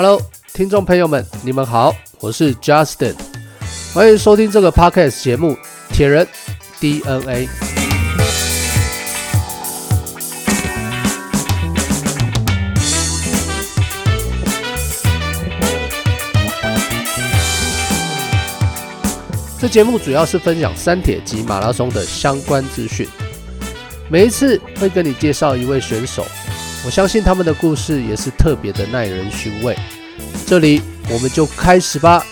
Hello，聽眾朋友們，你們好，我是 Justin，歡迎收聽這個 Podcast 節目《鐵人 DNA》。這節目主要是分享三鐵及馬拉松的相關資訊，每一次會跟你介紹一位選手，我相信他們的故事也是特別的耐人尋味。這裡我們就開始吧。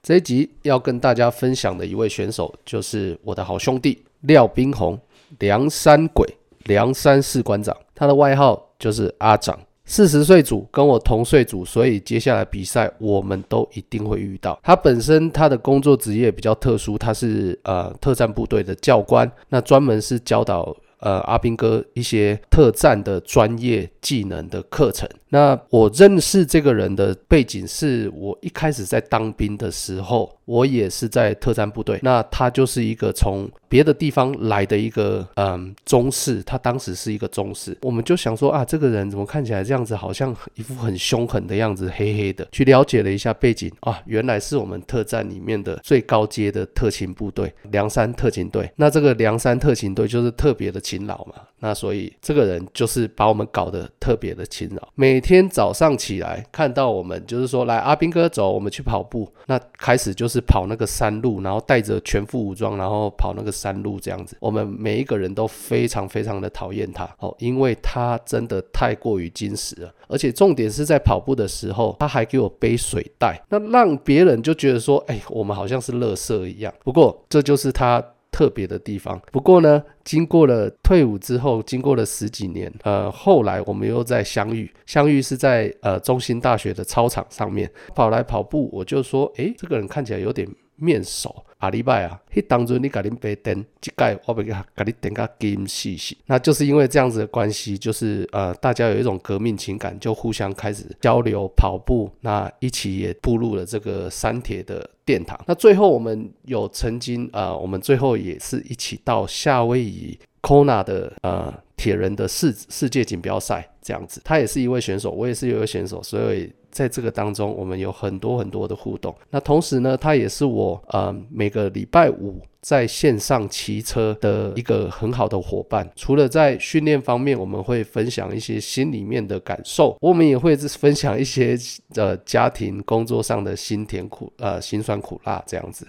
這一集要跟大家分享的一位選手，就是我的好兄弟廖斌宏，涼山鬼，涼山士官長，他的外號就是阿長。四十歲組跟我同歲組，所以接下來比賽我們都一定會遇到。他本身他的工作職業比較特殊，他是呃特戰部隊的教官，那專門是教導。呃，阿兵哥一些特戰的專業技能的課程。那我認識這個人的背景是我一開始在當兵的時候，我也是在特戰部隊。那他就是一個從別的地方來的一個嗯、呃、中士，他當時是一個中士。我們就想說啊，這個人怎麼看起來這樣子，好像一副很凶狠的樣子，黑黑的。去了解了一下背景啊，原來是我們特戰裡面的最高階的特勤部隊——涼山特勤隊。那這個涼山特勤隊就是特別的。勤勞嘛，那所以這個人就是把我們搞得特別的勤勞。每天早上起來，看到我們就是說，來阿斌哥走，我們去跑步。那開始就是跑那個山路，然後帶着全副武裝，然後跑那個山路這樣子。我們每一個人都非常非常的討厭他哦，因為他真的太過於精實了。而且重點是在跑步的時候，他還給我背水袋，那讓別人就覺得說，哎，我們好像是垃圾一樣。不過這就是他。特別的地方。不過呢，經過了退伍之後，經過了十幾年，呃，後來我們又在相遇。相遇是在呃，中興大學的操場上面跑來跑步，我就說，誒、欸，這個人看起來有點面熟。阿裡拜啊，迄當初你甲你白登，即個我袂甲甲你登個金試試，那就是因為這樣子的關係，就是呃大家有一種革命情感，就互相開始交流跑步，那一起也步入了這個三鐵的殿堂。那最後我們有曾經呃，我們最後也是一起到夏威夷 Kona 的呃鐵人的世世界錦標賽這樣子，他也是一位選手，我也是一位選手，所以。在這個當中，我們有很多很多的互動。那同時呢，他也是我呃每個禮拜五在線上騎車的一個很好的夥伴。除了在訓練方面，我們會分享一些心裡面的感受，我們也會分享一些呃家庭工作上的辛甜苦呃辛酸苦辣這樣子。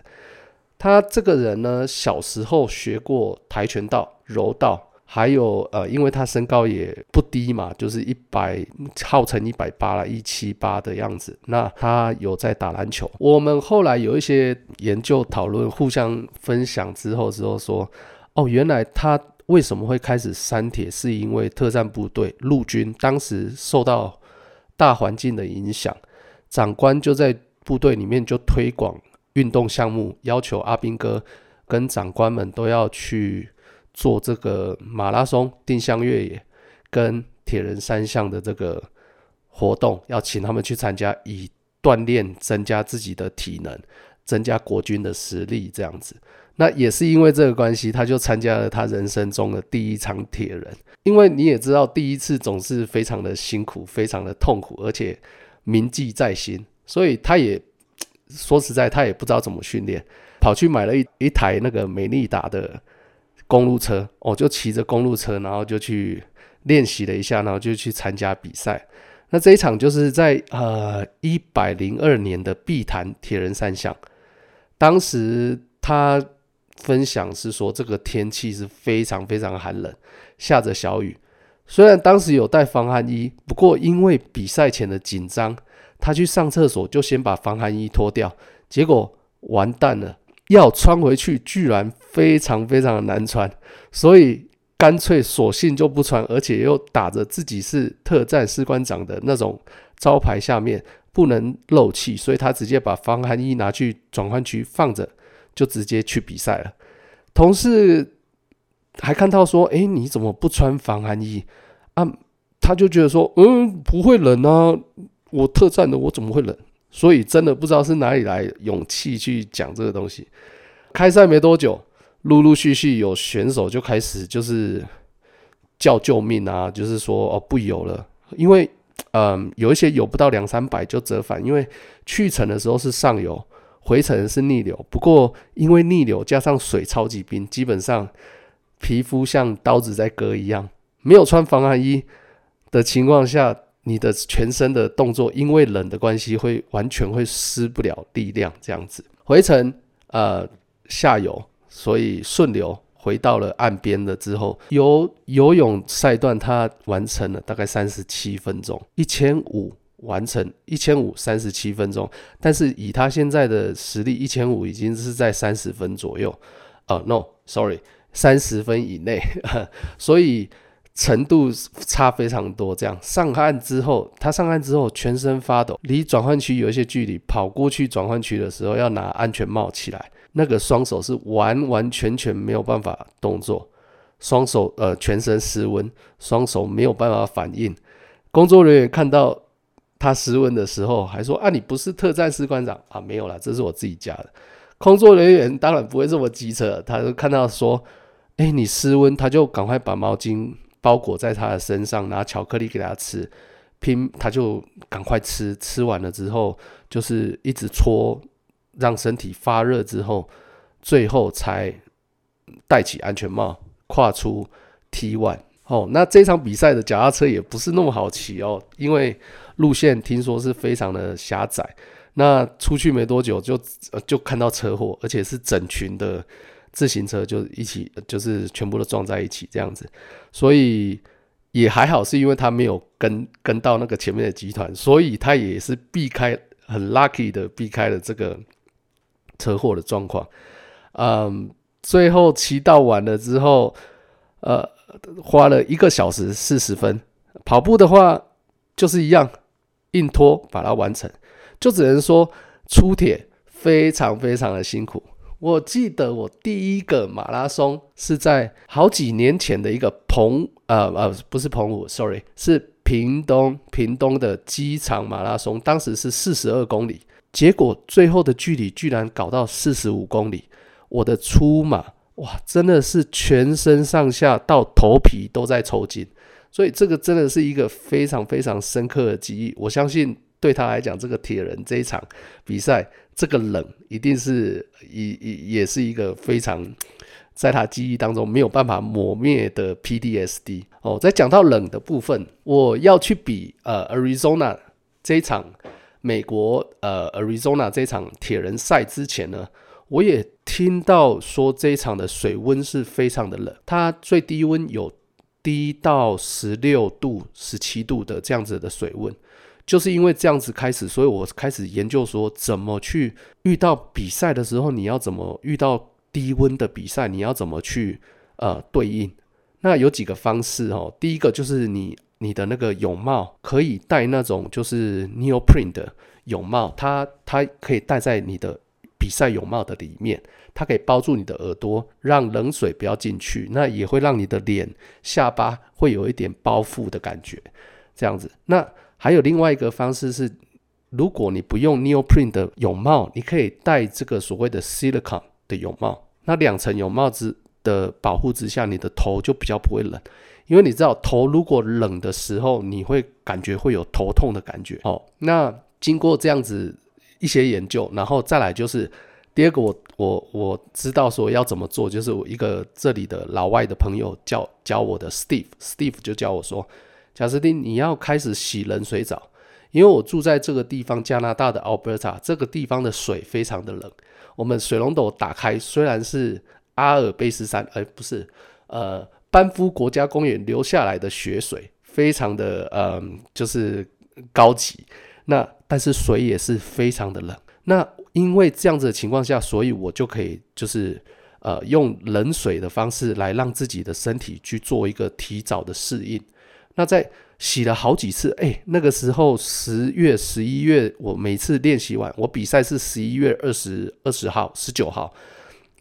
他這個人呢，小時候學過跆拳道、柔道。還有呃，因為他身高也不低嘛，就是一百、啊，號稱一百八啦，一七八的樣子。那他有在打籃球。我們後來有一些研究討論，互相分享之後之後說，哦，原來他為什麼會開始三鐵，是因為特戰部隊陸軍當時受到大環境的影響，長官就在部隊裡面就推廣運動項目，要求阿兵哥跟長官們都要去。做這個馬拉松、定向越野跟鐵人三項的這個活動，要請他們去參加，以鍛鍊、增加自己的體能，增加國軍的實力，這樣子。那也是因為這個關係，他就參加了他人生中的第一場鐵人。因為你也知道，第一次總是非常的辛苦、非常的痛苦，而且銘記在心。所以他也說實在，他也不知道怎麼訓練，跑去買了一一台那個美利達的，公路車，哦，就騎着公路車，然後就去練習了一下，然後就去參加比賽。那這一場就是在呃一百零二年的碧潭鐵人三項。當時他分享是說，這個天氣是非常非常寒冷，下着小雨。雖然當時有帶防寒衣，不過因為比賽前的緊張，他去上廁所就先把防寒衣脫掉，結果完蛋了。要穿回去，居然非常非常的難穿，所以乾脆索性就不穿，而且又打着自己是特戰士官長的那種招牌，下面不能漏氣，所以他直接把防寒衣拿去轉換區放着，就直接去比賽了。同事還看到說：“哎，你怎麼不穿防寒衣？”啊，他就覺得說：“嗯，不會冷啊，我特戰的，我怎麼會冷？”所以真的不知道是哪裡來勇氣去講這個東西。開賽沒多久，陸陸續續有選手就開始就是叫救命啊，就是說哦不遊了，因為嗯有一些遊不到兩三百就折返，因為去程的時候是上游，回程是逆流。不過因為逆流加上水超級冰，基本上皮膚像刀子在割一樣，沒有穿防寒衣的情況下。你的全身的動作，因為冷的關係，會完全會失不了力量，這樣子回程呃下游，所以順流回到了岸邊了之後，游游泳賽段他完成了大概三十七分鐘，一千五完成一千五三十七分鐘，但是以他現在的實力，一千五已經是在三十分左右呃、uh, no, sorry 三十分以內， 所以。程度差非常多，這樣上岸之後，他上岸之後全身發抖，離轉換區有一些距離，跑過去轉換區的時候要拿安全帽起來，那個雙手是完完全全沒有辦法動作，雙手呃全身失溫，雙手沒有辦法反應。工作人員看到他失溫的時候，還說啊，你不是特戰士官長啊？沒有啦，這是我自己加的。工作人員當然不會這麼機車，他就看到說，誒、欸，你失溫，他就趕快把毛巾。包裹在他的身上，拿巧克力給他吃，拼，他就趕快吃，吃完了之後就是一直搓，讓身體發熱，之後最後才戴起安全帽，跨出 T1。哦，那這場比賽的腳踏車也不是那麼好騎哦，因為路線聽說是非常的狹窄。那出去沒多久就就看到車禍，而且是整群的。自行車就一起，就是全部都撞在一起這樣子，所以也還好，是因為他沒有跟跟到那個前面的集團，所以他也是避開很 lucky 的避開了這個車禍的狀況。嗯，最後騎到完了之後，呃，花了一個小時四十分。跑步的話就是一樣，硬拖把它完成，就只能說超鐵非常非常的辛苦。我記得我第一個馬拉松是在好幾年前的一個澎呃呃、啊、不是澎湖，sorry 是屏東屏東的機場馬拉松，當時是四十二公里，結果最後的距離居然搞到四十五公里。我的初馬，哇真的是全身上下到頭皮都在抽筋，所以這個真的是一個非常非常深刻的記憶。我相信對他來講，這個鐵人這一場比賽。這個冷一定是一也是一個非常，在他記憶當中沒有辦法磨滅的 PTSD 哦。在講到冷的部分，我要去比呃 Arizona 這一場美國呃 Arizona 這場鐵人賽之前呢，我也聽到說這一場的水溫是非常的冷，它最低溫有低到十六度、十七度的這樣子的水溫。就是因為這樣子開始，所以我開始研究說怎麼去遇到比賽的時候，你要怎麼遇到低溫的比賽，你要怎麼去呃對應？那有幾個方式哦。第一個就是你你的那個泳帽可以戴那種就是 neoprene 的泳帽，它它可以戴在你的比賽泳帽的裡面，它可以包住你的耳朵，讓冷水不要進去，那也會讓你的臉下巴會有一點包覆的感覺，這樣子那。還有另外一個方式是，如果你不用 neoprene 的泳帽，你可以戴這個所謂的 silicone 的泳帽。那兩層泳帽子的保護之下，你的頭就比較不會冷，因為你知道頭如果冷的時候，你會感覺會有頭痛的感覺。哦，那經過這樣子一些研究，然後再來就是第二個我，我我我知道說要怎麼做，就是我一個這裡的老外的朋友教教我的，Steve Steve 就教我說。賈斯汀，你要開始洗冷水澡，因為我住在這個地方，加拿大的阿爾伯塔這個地方的水非常的冷。我們水龍頭打開，雖然是阿爾卑斯山，而、呃、不是，呃，班夫國家公園流下來的雪水，非常的嗯、呃，就是高級。那但是水也是非常的冷。那因為這樣子的情況下，所以我就可以就是呃，用冷水的方式來讓自己的身體去做一個提早的適應。那在洗了好幾次，哎、欸，那個時候十月十一月，我每次練習完，我比賽是十一月二十二十號十九號，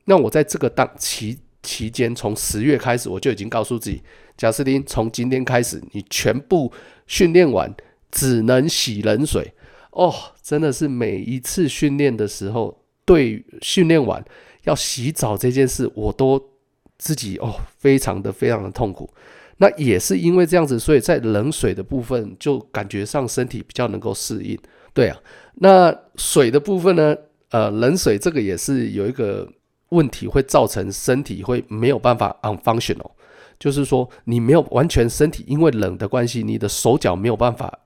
那我在這個檔期期間，從十月開始，我就已經告訴自己，賈斯汀，從今天開始，你全部訓練完只能洗冷水。哦、oh,，真的是每一次訓練的時候，對訓練完要洗澡這件事，我都自己哦，oh, 非常的非常的痛苦。那也是因為這樣子，所以在冷水的部分就感覺上身體比較能夠適應，對啊。那水的部分呢？呃，冷水這個也是有一個問題，會造成身體會沒有辦法 unfunctional，就是說你沒有完全身體，因為冷的關係，你的手腳沒有辦法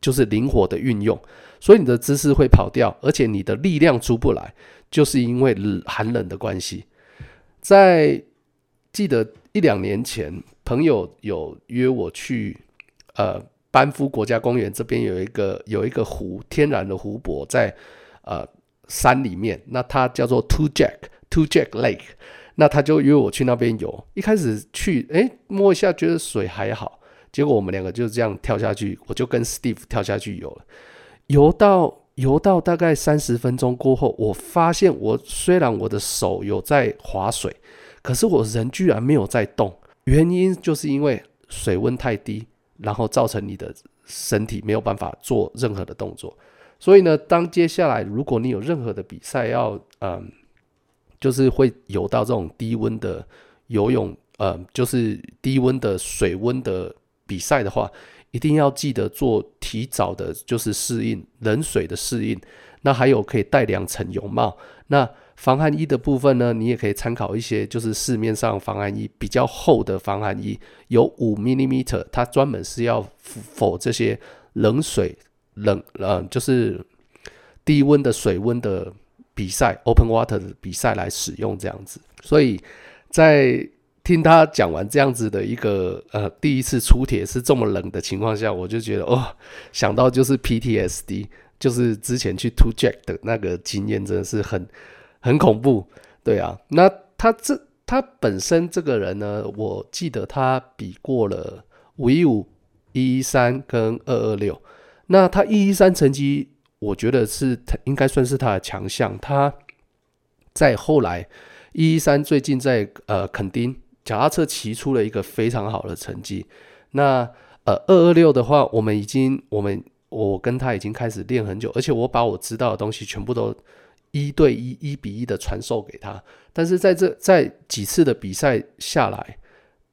就是靈活的運用，所以你的姿勢會跑掉，而且你的力量出不來，就是因為冷，寒冷的關係。在記得一兩年前。朋友有約我去，呃，班夫國家公園這邊有一個有一個湖，天然的湖泊在，呃，山裡面。那它叫做 Two Jack Two Jack Lake。那他就約我去那邊游。一開始去，誒、欸，摸一下覺得水還好。結果我們兩個就這樣跳下去，我就跟 Steve 跳下去游了。游到游到大概三十分鐘過後，我發現我雖然我的手有在划水，可是我人居然沒有在動。原因就是因為水溫太低，然後造成你的身體沒有辦法做任何的動作。所以呢，當接下來如果你有任何的比賽要，嗯、呃，就是會游到這種低溫的游泳，嗯、呃，就是低溫的水溫的比賽的話，一定要記得做提早的，就是適應冷水的適應。那還有可以戴兩層泳帽。那防寒衣的部分呢，你也可以參考一些，就是市面上防寒衣比較厚的防寒衣，有五 millimeter 它專門是要 for 這些冷水冷，呃，就是低溫的水溫的比賽，open water 的比賽來使用這樣子。所以在聽他講完這樣子的一個呃，第一次出鐵是這麼冷的情況下，我就覺得哦，想到就是 PTSD，就是之前去 to Jack 的那個經驗真的是很。很恐怖，對啊，那他這他本身這個人呢，我記得他比過了五一五一一三跟二二六，那他一一三成績，我覺得是應該算是他的強項。他在後來一一三最近在呃墾丁腳踏車騎出了一個非常好的成績。那呃二二六的話，我們已經我們我跟他已經開始練很久，而且我把我知道的東西全部都。一對一一比一的傳授給他，但是在這在幾次的比賽下來，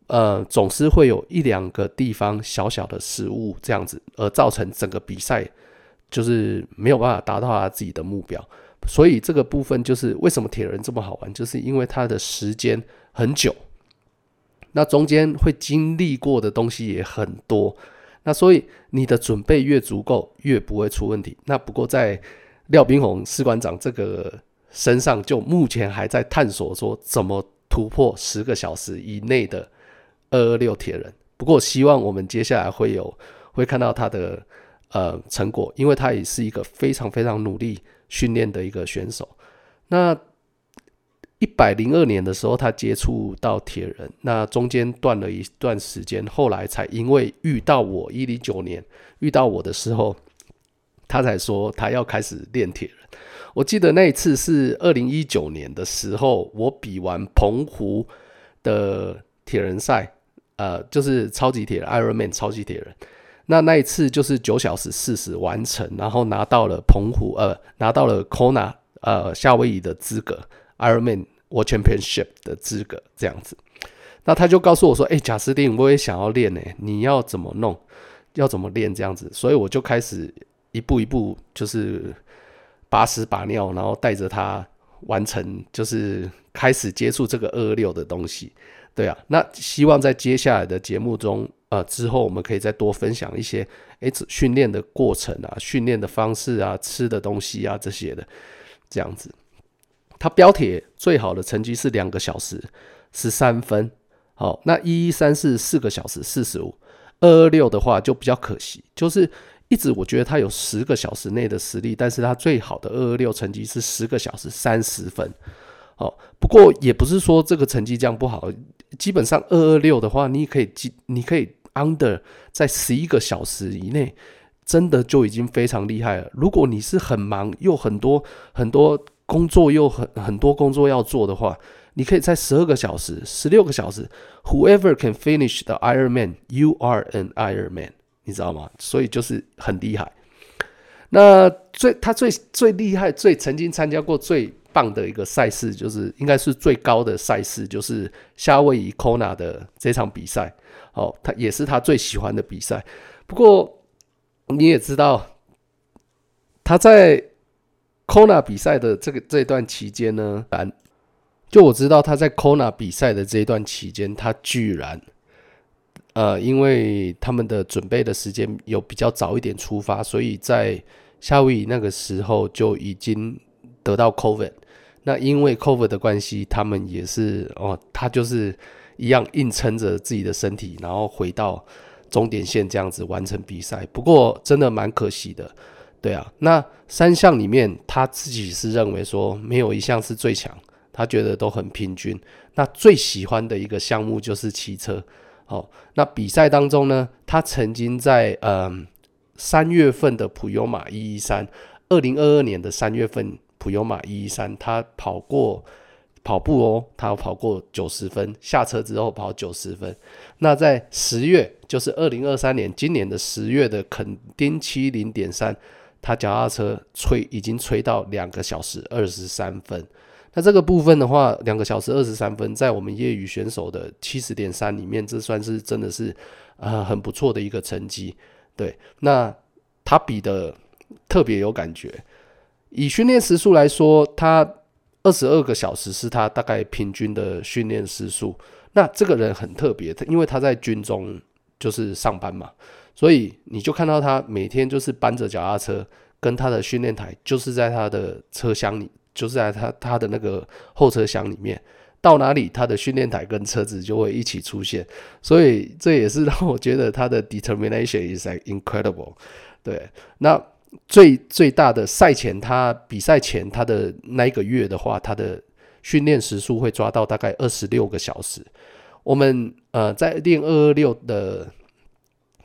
呃，總是會有一兩個地方小小的失誤這樣子，而造成整個比賽就是沒有辦法達到他自己的目標。所以這個部分就是為什麼鐵人這麼好玩，就是因為他的時間很久，那中間會經歷過的東西也很多，那所以你的準備越足夠，越不會出問題。那不過在。廖斌宏士官長這個身上，就目前還在探索說怎麼突破十個小時以內的二二六鐵人。不過，希望我們接下來會有會看到他的呃成果，因為他也是一個非常非常努力訓練的一個選手。那一百零二年的時候，他接觸到鐵人，那中間斷了一段時間，後來才因為遇到我一零九年遇到我的時候。他才說他要開始練鐵人。我記得那一次是二零一九年的時候，我比完澎湖的鐵人賽，呃，就是超級鐵人 Ironman 超級鐵人。那那一次就是九小時四十完成，然後拿到了澎湖呃拿到了 Kona 呃夏威夷的資格 Ironman World Championship 的資格這樣子。那他就告訴我說：“誒、欸，賈斯汀，我也想要練呢、欸，你要怎麼弄？要怎麼練這樣子？”所以我就開始。一步一步就是，把屎把尿，然後帶着他完成，就是開始接觸這個二六的東西。對啊，那希望在接下來的節目中，呃，之後我們可以再多分享一些，誒，訓練的過程啊，訓練的方式啊，吃的東西啊這些的，這樣子。他標鐵最好的成績是兩個小時十三分，好，那一三四四個小時四十五，二二六的話就比較可惜，就是。一直我覺得他有十個小時內的實力，但是他最好的二二六成績是十個小時三十分。哦，不過也不是說這個成績這樣不好。基本上二二六的話，你可以你可以 under 在十一個小時以內，真的就已經非常厲害了。如果你是很忙又很多很多工作又很很多工作要做的話，你可以在十二個小時、十六個小時，Whoever can finish the Ironman，you are an Ironman。你知道嗎？所以就是很厲害。那最他最最厲害、最曾經參加過最棒的一個賽事，就是應該是最高的賽事，就是夏威夷 Kona 的這場比賽。哦，他也是他最喜歡的比賽。不過你也知道，他在 Kona 比賽的這個這一段期間呢，就我知道他在 Kona 比賽的這一段期間，他居然。呃，因為他們的準備的時間有比較早一點出發，所以在夏威夷那個時候就已經得到 COVID。那因為 COVID 的關係，他們也是哦，他就是一樣硬撐着自己的身體，然後回到終點線這樣子完成比賽。不過真的蠻可惜的，對啊。那三項裡面，他自己是認為說沒有一項是最強，他覺得都很平均。那最喜歡的一個項目就是騎車。好、哦，那比賽當中呢，他曾經在嗯三、呃、月份的普悠馬一一三，二零二二年的三月份普悠馬一一三，他跑過跑步哦，他跑過九十分，下車之後跑九十分。那在十月，就是二零二三年，今年的十月的墾丁七零點三，他腳踏車吹已經吹到兩個小時二十三分。那這個部分的話，兩個小時二十三分，在我們業餘選手的七十點三裡面，這算是真的是，呃，很不錯的一個成績。對，那他比的特別有感覺。以訓練時數來說，他二十二個小時是他大概平均的訓練時數。那這個人很特別，因為他在軍中就是上班嘛，所以你就看到他每天就是搬着腳踏車，跟他的訓練台就是在他的車廂裡。就是在他他的那個後車廂裡面，到哪裡他的訓練台跟車子就會一起出現，所以這也是讓我覺得他的 determination is incredible。對，那最最大的賽前，他比賽前他的那一個月的話，他的訓練時數會抓到大概二十六個小時。我們呃，在練二二六的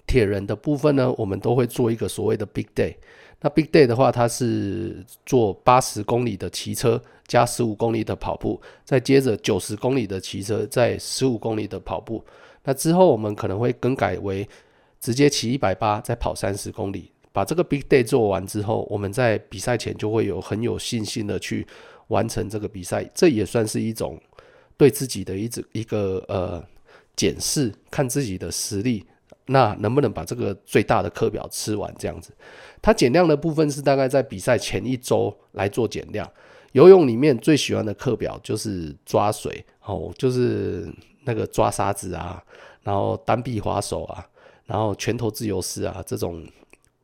鐵人的部分呢，我們都會做一個所謂的 big day。那 big day 的話，它是做八十公里的騎車加十五公里的跑步，再接着九十公里的騎車再十五公里的跑步。那之後我們可能會更改為直接騎一百八再跑三十公里。把這個 big day 做完之後，我們在比賽前就會有很有信心的去完成這個比賽。這也算是一種對自己的一直一個呃檢視，看自己的實力。那能不能把這個最大的課表吃完？這樣子，他減量的部分是大概在比賽前一周來做減量。游泳裡面最喜歡的課表就是抓水，哦，就是那個抓沙子啊，然後單臂划手啊，然後拳頭自由式啊，這種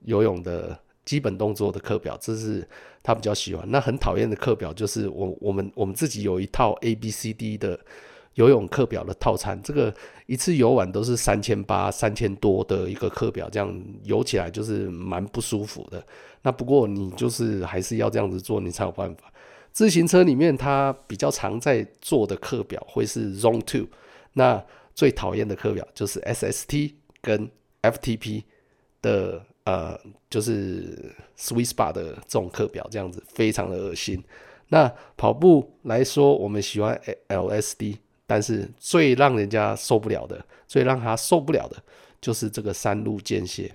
游泳的基本動作的課表，這是他比較喜歡。那很討厭的課表就是我，我們我們自己有一套 A B C D 的。游泳課表的套餐，這個一次游玩都是三千八、三千多的一個課表，這樣游起來就是蠻不舒服的。那不過你就是還是要這樣子做，你才有辦法。自行車裡面，它比較常在做的課表會是 Zone Two。那最討厭的課表就是 SST 跟 FTP 的，呃，就是 Sweet Spot 的這種課表，這樣子非常的噁心。那跑步來說，我們喜歡 LSD。但是最讓人家受不了的，最讓他受不了的就是這個山路間歇。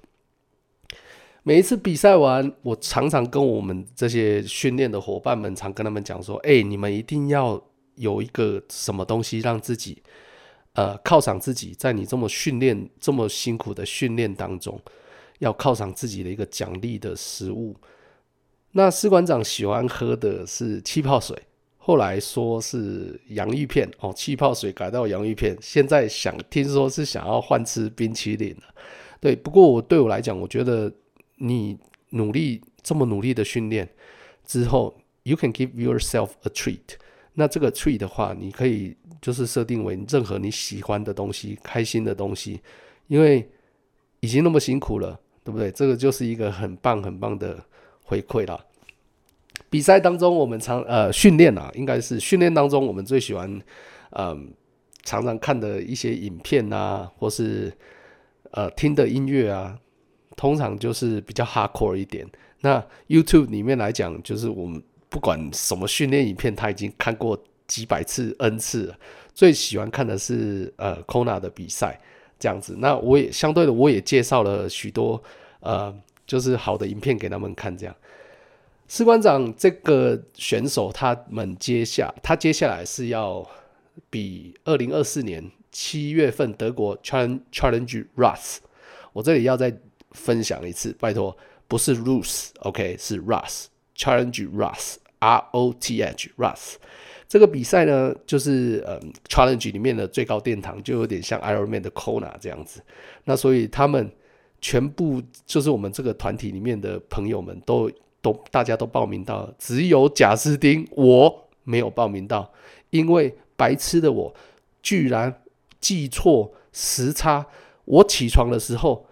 每一次比賽完，我常常跟我們這些訓練的伙伴們，常跟他們講說：“哎、欸，你們一定要有一個什麼東西讓自己，呃，犒賞自己，在你這麼訓練、這麼辛苦的訓練當中，要犒賞自己的一個獎勵的食物。”那士官長喜歡喝的是氣泡水。後來說是洋芋片哦，氣泡水改到洋芋片，現在想聽說是想要換吃冰淇淋了，對。不過我對我來講，我覺得你努力這麼努力的訓練之後，you can give yourself a treat。那這個 treat 的話，你可以就是設定為任何你喜歡的東西、開心的東西，因為已經那麼辛苦了，對不對？這個就是一個很棒很棒的回饋啦。比賽當中，我們常呃訓練啊，應該是訓練當中我們最喜歡，嗯、呃，常常看的一些影片啊，或是呃聽的音樂啊，通常就是比較 hardcore 一點。那 YouTube 裡面來講，就是我們不管什麼訓練影片，他已經看過幾百次、n 次了，最喜歡看的是呃 Kona 的比賽這樣子。那我也相對的，我也介紹了許多呃，就是好的影片給他們看這樣。士官長這個選手，他們接下他接下來是要比二零二四年七月份德國 Chall e n g e r o s s 我這裡要再分享一次，拜託不是 r u s e o k 是 r, uss, Russ, r o s s Challenge r o s s R O T H r o s s 這個比賽呢就是呃、嗯、Challenge 裡面的最高殿堂，就有點像 Iron Man 的 Kona 這樣子。那所以他們全部就是我們這個團體裡面的朋友們都。都大家都報名到了，只有賈斯丁我沒有報名到，因為白痴的我居然記錯時差。我起床的時候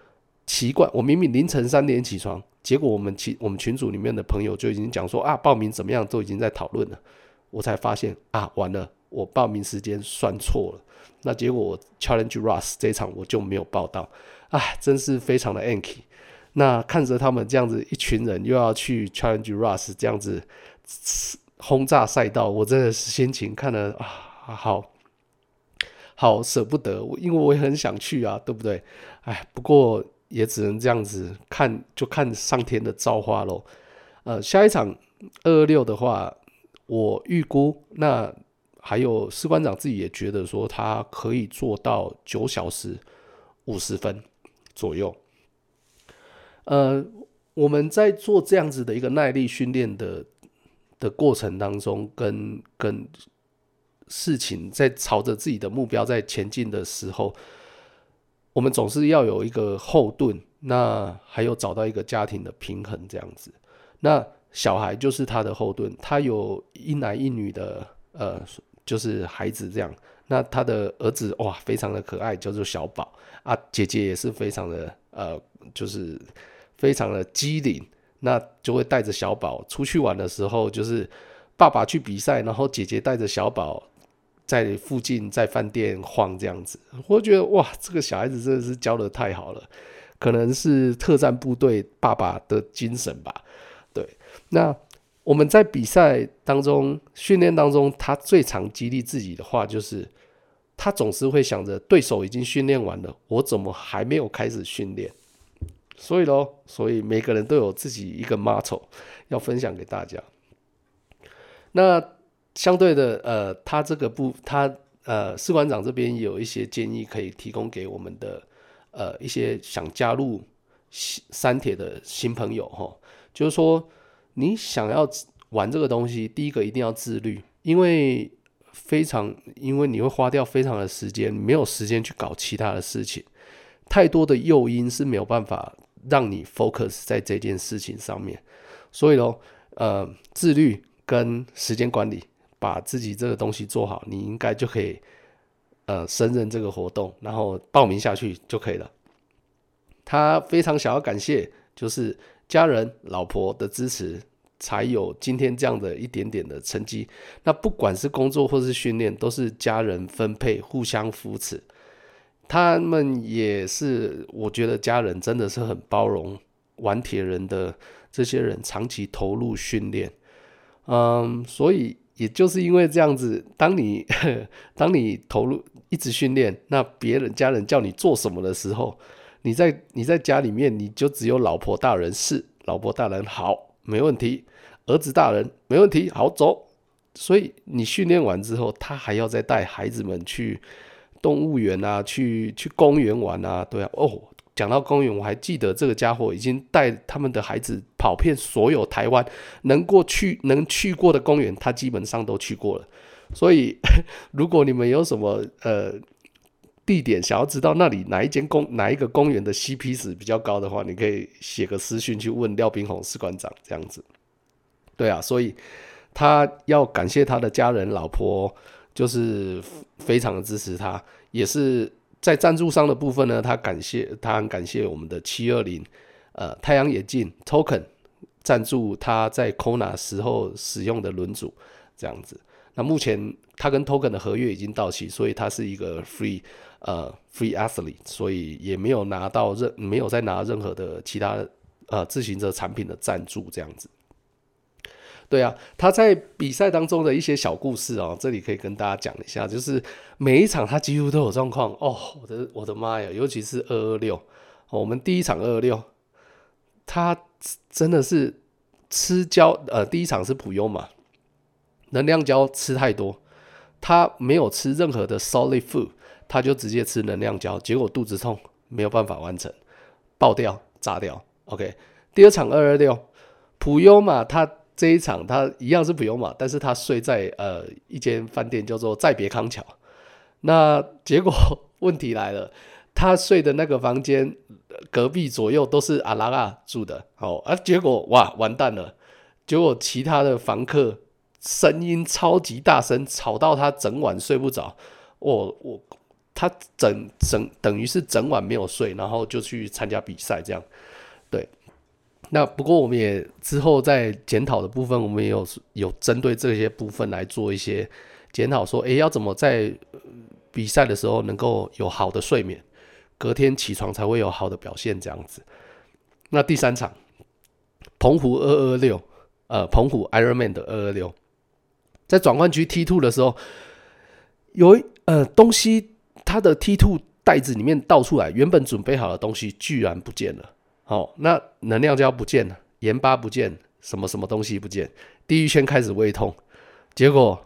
奇怪，我明明凌晨三點起床，結果我們群我們群組裡面的朋友就已經講說啊報名怎麼樣都已經在討論了，我才發現啊完了，我報名時間算錯了。那結果我 Challenge Roth 這場我就沒有報到，哎，真是非常的 anky。那看着他們這樣子，一群人又要去 Challenge Rush 這樣子轟炸賽道，我真的是心情看了啊，好好捨不得因為我也很想去啊，對不對？哎，不過也只能這樣子看，就看上天的造化嘍。呃，下一場二二六的話，我預估那還有士官長自己也覺得說他可以做到九小時五十分左右。呃，我們在做這樣子的一個耐力訓練的的過程當中，跟跟事情在朝着自己的目標在前進的時候，我們總是要有一個後盾。那還有找到一個家庭的平衡這樣子。那小孩就是他的後盾，他有一男一女的，呃，就是孩子這樣。那他的兒子哇，非常的可愛，叫做小寶啊。姐姐也是非常的，呃，就是。非常的機靈，那就會帶着小寶出去玩的時候，就是爸爸去比賽，然後姐姐帶着小寶在附近在飯店晃這樣子。我覺得哇，這個小孩子真的是教得太好了，可能是特戰部隊爸爸的精神吧。對，那我們在比賽當中、訓練當中，他最常激勵自己的話就是，他總是會想着對手已經訓練完了，我怎麼還沒有開始訓練？所以咯，所以每個人都有自己一個 motto 要分享給大家。那相對的，呃，他這個部，他呃，士官長這邊也有一些建議可以提供給我們的，呃，一些想加入三鐵的新朋友齁，就是說你想要玩這個東西，第一個一定要自律，因為非常，因為你會花掉非常的時間，沒有時間去搞其他的事情，太多的誘因是沒有辦法。讓你 focus 在這件事情上面，所以呢，呃，自律跟時間管理，把自己這個東西做好，你應該就可以，呃，勝任這個活動，然後報名下去就可以了。他非常想要感謝，就是家人、老婆的支持，才有今天這樣的一點點的成績。那不管是工作或是訓練，都是家人分配，互相扶持。他們也是，我覺得家人真的是很包容。玩鐵人的這些人長期投入訓練，嗯，所以也就是因為這樣子，當你當你投入一直訓練，那別人家人叫你做什麼的時候，你在你在家裡面，你就只有老婆大人，是老婆大人好，沒問題，兒子大人沒問題，好，走。所以你訓練完之後，他還要再帶孩子們去。動物園啊，去去公園玩啊，對啊，哦，講到公園，我還記得這個家伙已經帶他們的孩子跑遍所有台灣能過去能去過的公園，他基本上都去過了。所以，如果你們有什麼呃地點想要知道那裡哪一間公哪一個公園的 CP 值比較高的話，你可以寫個私訊去問廖斌宏士官長這樣子。對啊，所以他要感謝他的家人、老婆，就是非常的支持他，也是在贊助商的部分呢，他感謝他很感謝我們的七二零，呃太陽眼鏡 token 贊助他在 Kona 時候使用的輪組這樣子。那目前他跟 token 的合約已經到期，所以他是一個 free 呃 free athlete，所以也沒有拿到任沒有再拿任何的其他呃自行車產品的贊助這樣子。對啊，他在比賽當中的一些小故事哦，這裡可以跟大家講一下。就是每一場他幾乎都有狀況哦。我的我的媽呀，尤其是二二六，我們第一場二二六，他真的是吃膠呃，第一場是普悠瑪，能量膠吃太多，他沒有吃任何的 solid food，他就直接吃能量膠，結果肚子痛沒有辦法完成，爆掉炸掉。OK，第二場二二六普悠瑪，他。這一場他一樣是不用嘛，但是他睡在呃一間飯店叫做再別康橋。那結果問題來了，他睡的那個房間隔壁左右都是阿拉啊住的，好、哦，啊、結果哇完蛋了，結果其他的房客聲音超級大聲，吵到他整晚睡不着。我、哦、我、哦、他整整等於是整晚沒有睡，然後就去參加比賽這樣。那不過我們也之後在檢討的部分，我們也有有針對這些部分來做一些檢討，說，誒，要怎麼在比賽的時候能夠有好的睡眠，隔天起床才會有好的表現這樣子。那第三場，澎湖二二六，呃，澎湖 Ironman 的二二六，在轉換區 T two 的時候，有一呃東西，他的 T two 袋子裡面倒出來，原本準備好的東西居然不見了。好、哦，那能量膠不見了，鹽巴不見，什麼什麼東西不見，地獄圈開始胃痛，結果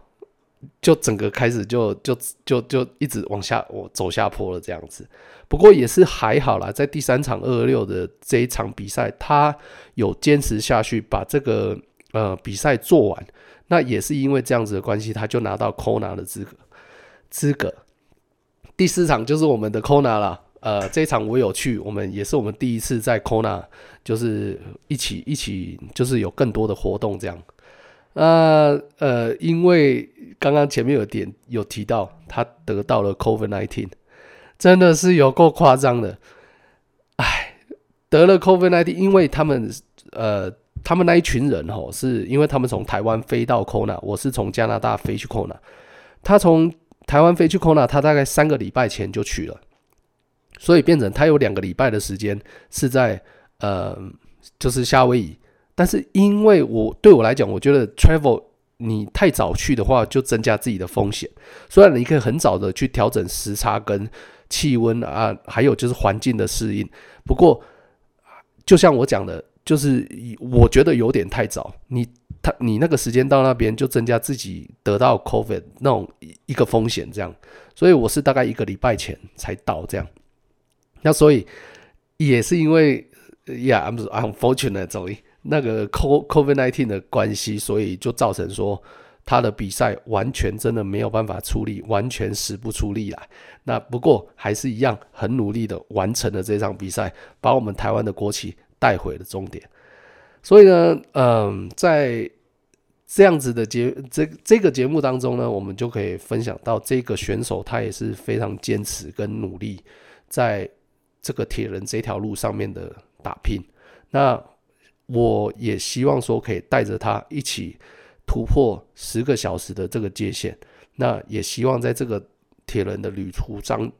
就整個開始就就就就一直往下我、哦、走下坡了這樣子。不過也是還好啦，在第三場226的這一場比賽，他有堅持下去把這個呃比賽做完，那也是因為這樣子的關係，他就拿到 Kona 的資格資格。第四場就是我們的 Kona 了。呃，這一場我有去，我們也是我們第一次在 Kona，就是一起一起，就是有更多的活動這樣。呃呃，因為剛剛前面有點有提到，他得到了 COVID-19，真的是有夠誇張的。哎，得了 COVID-19，因為他們呃，他們那一群人哦，是因為他們從台灣飛到 Kona，我是從加拿大飛去 Kona，他從台灣飛去 Kona，他大概三個禮拜前就去了。所以變成他有兩個禮拜的時間是在，呃，就是夏威夷。但是因為我對我來講，我覺得 travel 你太早去的話，就增加自己的風險。雖然你可以很早的去調整時差跟氣溫啊，還有就是環境的適應。不過，就像我講的，就是我覺得有點太早。你他你那個時間到那邊，就增加自己得到 COVID 那種一個風險這樣。所以我是大概一個禮拜前才到這樣。那所以也是因為，Yeah，I'm unfortunately 那個 COVID-19 的關係，所以就造成說他的比賽完全真的沒有辦法出力，完全使不出力來。那不過還是一樣很努力的完成了這場比賽，把我們台灣的國旗帶回了終點。所以呢，嗯，在這樣子的節，這這個節目當中呢，我們就可以分享到這個選手他也是非常堅持跟努力在。這個鐵人這條路上面的打拼，那我也希望說可以帶着他一起突破十個小時的這個界限。那也希望在這個鐵人的旅途當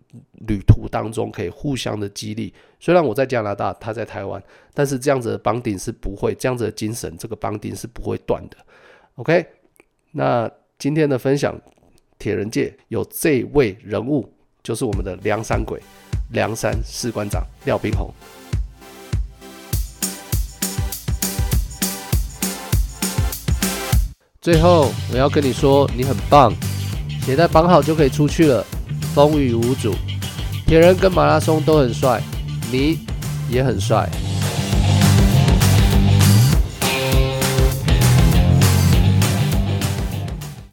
旅途當中，可以互相的激勵。雖然我在加拿大，他在台灣，但是這樣子的綁定，是不會，這樣子的精神，這個綁定是不會斷的。OK，那今天的分享，鐵人界有這位人物，就是我們的涼山鬼。涼山士官長廖斌宏最後，我要跟你說，你很棒，鞋帶綁好就可以出去了，風雨無阻。鐵人跟馬拉松都很帥，你也很帥。